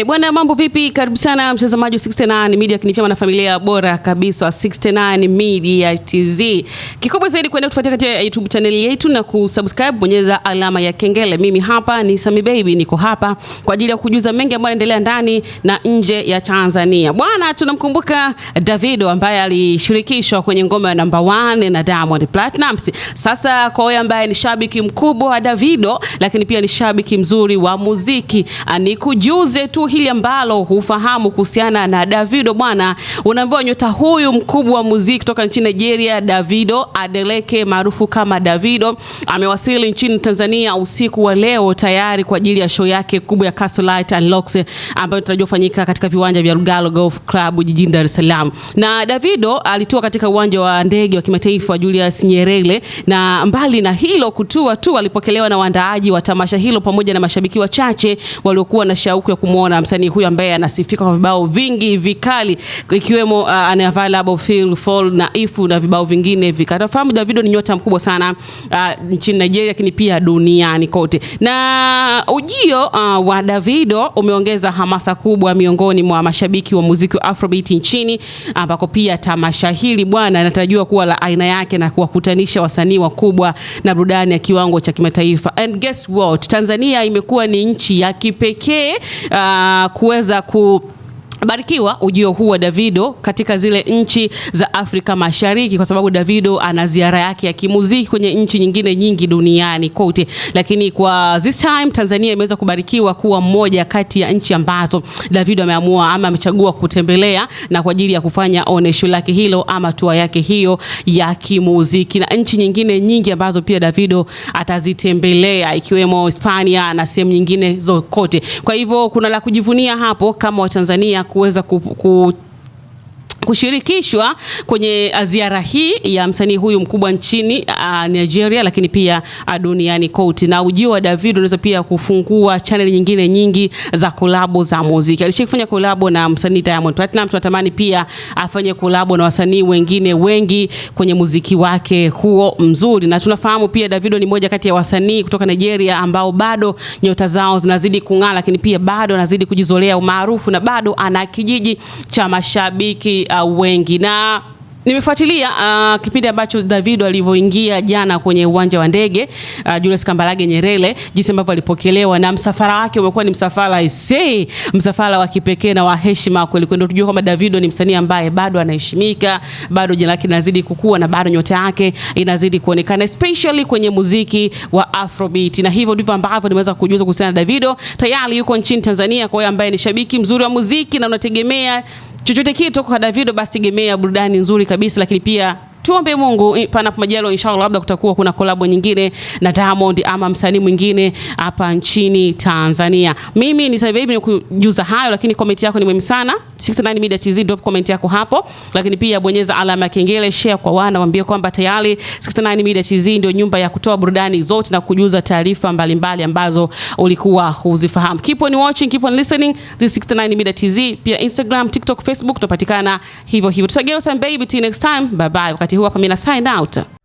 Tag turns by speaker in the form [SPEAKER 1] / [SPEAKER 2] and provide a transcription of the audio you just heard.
[SPEAKER 1] E, bwana mambo vipi? Karibu sana mtazamaji wa 69 Media kinipia na familia bora kabisa wa 69 Media TZ. Kikubwa zaidi kuendelea kutufuatia katika YouTube channel yetu na kusubscribe, bonyeza alama ya kengele. Mimi hapa ni Sami Baby, niko hapa kwa ajili ya kujuza mengi ambayo yanaendelea ndani na nje ya Tanzania. Bwana, tunamkumbuka Davido ambaye alishirikishwa kwenye ngoma ya namba 1 na Diamond Platnumz. Sasa kwa wewe ambaye ni shabiki mkubwa wa Davido, lakini pia ni shabiki mzuri wa muziki, anikujuze tu hili ambalo hufahamu kuhusiana na Davido bwana, unaambiwa nyota huyu mkubwa wa muziki kutoka nchini Nigeria, Davido Adeleke maarufu kama Davido amewasili nchini Tanzania usiku wa leo tayari kwa ajili ya show yake kubwa ya Castle Lite Unlocks ambayo inatarajiwa kufanyika katika viwanja vya Lugalo Golf Club jijini Dar es Salaam. Na Davido alitua katika uwanja wa ndege wa kimataifa wa Julius Nyerere, na mbali na hilo kutua tu, alipokelewa na waandaaji wa tamasha hilo pamoja na mashabiki wachache waliokuwa na shauku ya kumwona na msanii huyu ambaye anasifika kwa vibao vingi vikali ikiwemo uh, Unavailable, Feel, Fall na ifu na vibao vingine vikali. Nafahamu Davido ni nyota mkubwa sana uh, nchini Nigeria lakini pia duniani kote. Na ujio uh, wa Davido umeongeza hamasa kubwa miongoni mwa mashabiki wa muziki wa Afrobeat nchini ambako pia tamasha hili bwana anatarajiwa kuwa la aina yake na kuwakutanisha wasanii wakubwa na burudani ya kiwango cha kimataifa. And guess what? Tanzania imekuwa ni nchi ya kipekee uh, kuweza ku barikiwa ujio huu wa Davido katika zile nchi za Afrika Mashariki, kwa sababu Davido ana ziara yake ya kimuziki kwenye nchi nyingine nyingi duniani kote, lakini kwa this time Tanzania imeweza kubarikiwa kuwa mmoja kati ya nchi ambazo Davido ameamua ama amechagua kutembelea na kwa ajili ya kufanya onesho lake hilo ama tour yake hiyo ya kimuziki, na nchi nyingine nyingi ambazo pia Davido atazitembelea ikiwemo Hispania na sehemu nyingine zokote. Kwa hivyo kuna la kujivunia hapo kama Watanzania coisa com, com kushirikishwa kwenye uh, ziara hii ya msanii huyu mkubwa nchini a, uh, Nigeria, lakini pia uh, duniani kote. Na ujio wa David unaweza pia kufungua channel nyingine nyingi za kolabo za muziki. Alishia kolabo na msanii Diamond Platinum, tunatamani pia afanye kolabo na wasanii wengine wengi kwenye muziki wake huo mzuri, na tunafahamu pia Davido ni moja kati ya wasanii kutoka Nigeria ambao bado nyota zao zinazidi kung'aa, lakini pia bado anazidi kujizolea umaarufu na bado ana kijiji cha mashabiki uh, wengi na nimefuatilia uh, kipindi ambacho Davido alivyoingia jana kwenye uwanja wa ndege uh, Julius Kambarage Nyerere, jinsi ambavyo alipokelewa na msafara wake umekuwa ni msafara isei, msafara wa kipekee na wa heshima kweli kweli. Ndio tujue kwamba Davido ni msanii ambaye bado anaheshimika, bado jina lake linazidi kukua na bado nyota yake inazidi kuonekana especially kwenye muziki wa Afrobeat, na hivyo ndivyo ambavyo nimeweza kujuza kuhusiana na Davido. Tayari yuko nchini Tanzania, kwa hiyo ambaye ni shabiki mzuri wa muziki na unategemea chochote kile kutoka kwa Davido, basi tegemea burudani nzuri kabisa, lakini pia tuombe Mungu panapo majalo inshallah labda kutakuwa kuna kolabo nyingine na Diamond ama msanii mwingine hapa nchini Tanzania. Mimi ni Saibaby, nikujuza hayo, lakini komenti yako ni muhimu sana. 69 Media TZ, drop comment yako hapo, lakini pia bonyeza alama ya kengele, share kwa wana, waambie kwamba tayari 69 Media TZ ndio nyumba ya kutoa burudani zote na kujuza taarifa mbalimbali ambazo ulikuwa huzifahamu. Keep on watching, keep on listening. This 69 Media TZ, pia Instagram, TikTok, Facebook tunapatikana hivyo hivyo. Tutageuza baby till next time. Bye bye. Wakati huu hapa mimi na sign out.